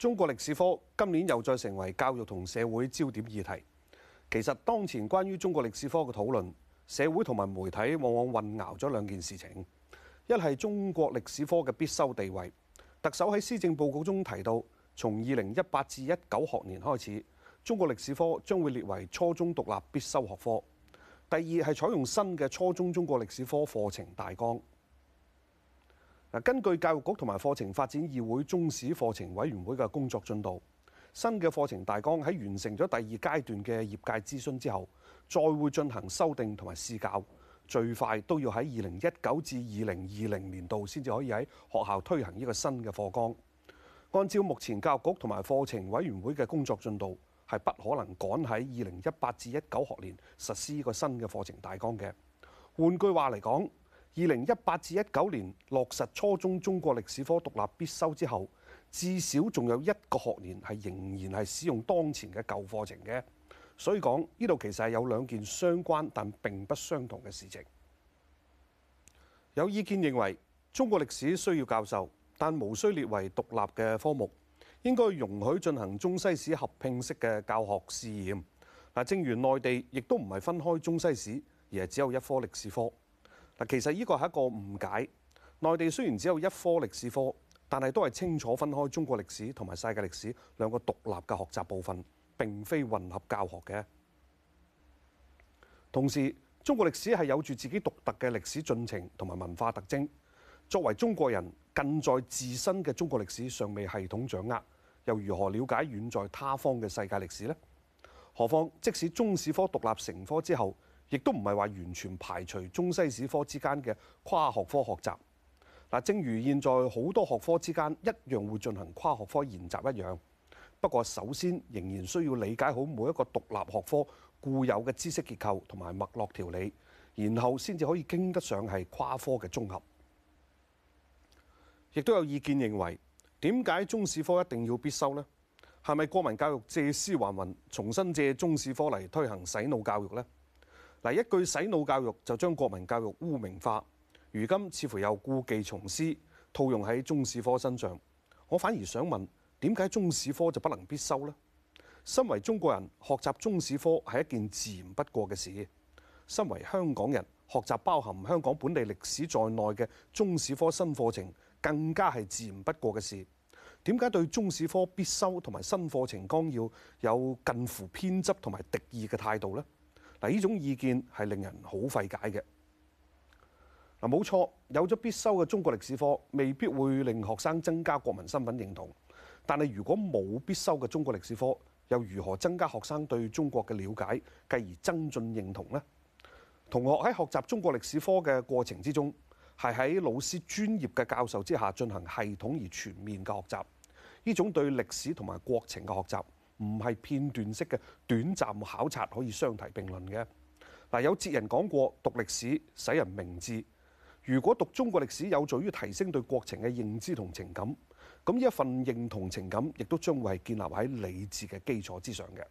中國歷史科今年又再成為教育同社會焦點議題。其實當前關於中國歷史科嘅討論，社會同埋媒體往往混淆咗兩件事情。一係中國歷史科嘅必修地位，特首喺施政報告中提到，從二零一八至一九學年開始，中國歷史科將會列為初中獨立必修學科。第二係採用新嘅初中中國歷史科課程大綱。根據教育局同埋課程發展議會中史課程委員會嘅工作進度，新嘅課程大綱喺完成咗第二階段嘅業界諮詢之後，再會進行修訂同埋試教，最快都要喺二零一九至二零二零年度先至可以喺學校推行呢個新嘅課綱。按照目前教育局同埋課程委員會嘅工作進度，係不可能趕喺二零一八至一九學年實施呢個新嘅課程大綱嘅。換句話嚟講，二零一八至一九年落實初中中國歷史科獨立必修之後，至少仲有一個學年係仍然係使用當前嘅舊課程嘅，所以講呢度其實係有兩件相關但並不相同嘅事情。有意見認為中國歷史需要教授，但無需列為獨立嘅科目，應該容許進行中西史合併式嘅教學試驗。嗱，正如內地亦都唔係分開中西史，而係只有一科歷史科。其實呢個係一個誤解。內地雖然只有一科歷史科，但係都係清楚分開中國歷史同埋世界歷史兩個獨立嘅學習部分，並非混合教學嘅。同時，中國歷史係有住自己獨特嘅歷史進程同埋文化特徵。作為中國人，近在自身嘅中國歷史尚未系統掌握，又如何了解遠在他方嘅世界歷史呢？何況，即使中史科獨立成科之後，亦都唔係話完全排除中西史科之間嘅跨學科學習嗱，正如現在好多學科之間一樣會進行跨學科研習一樣。不過，首先仍然需要理解好每一個獨立學科固有嘅知識結構同埋脈絡條理，然後先至可以經得上係跨科嘅綜合。亦都有意見認為，點解中史科一定要必修呢？係咪國民教育借屍還魂，重新借中史科嚟推行洗腦教育呢？嗱，一句洗腦教育就將國民教育污名化，如今似乎又故技重施，套用喺中史科身上。我反而想問，點解中史科就不能必修呢？身為中國人，學習中史科係一件自然不過嘅事；身為香港人，學習包含香港本地歷史在內嘅中史科新課程，更加係自然不過嘅事。點解對中史科必修同埋新課程綱要有近乎偏執同埋敵意嘅態度呢？嗱，呢種意見係令人好費解嘅。嗱，冇錯，有咗必修嘅中國歷史課，未必會令學生增加國民身份認同。但係如果冇必修嘅中國歷史課，又如何增加學生對中國嘅了解，繼而增進認同呢？同學喺學習中國歷史科嘅過程之中，係喺老師專業嘅教授之下進行系統而全面嘅學習。呢種對歷史同埋國情嘅學習，唔係片段式嘅短暫考察可以相提並論嘅。嗱，有哲人講過，讀歷史使人明智。如果讀中國歷史有助於提升對國情嘅認知同情感，咁呢一份認同情感亦都將會係建立喺理智嘅基礎之上嘅。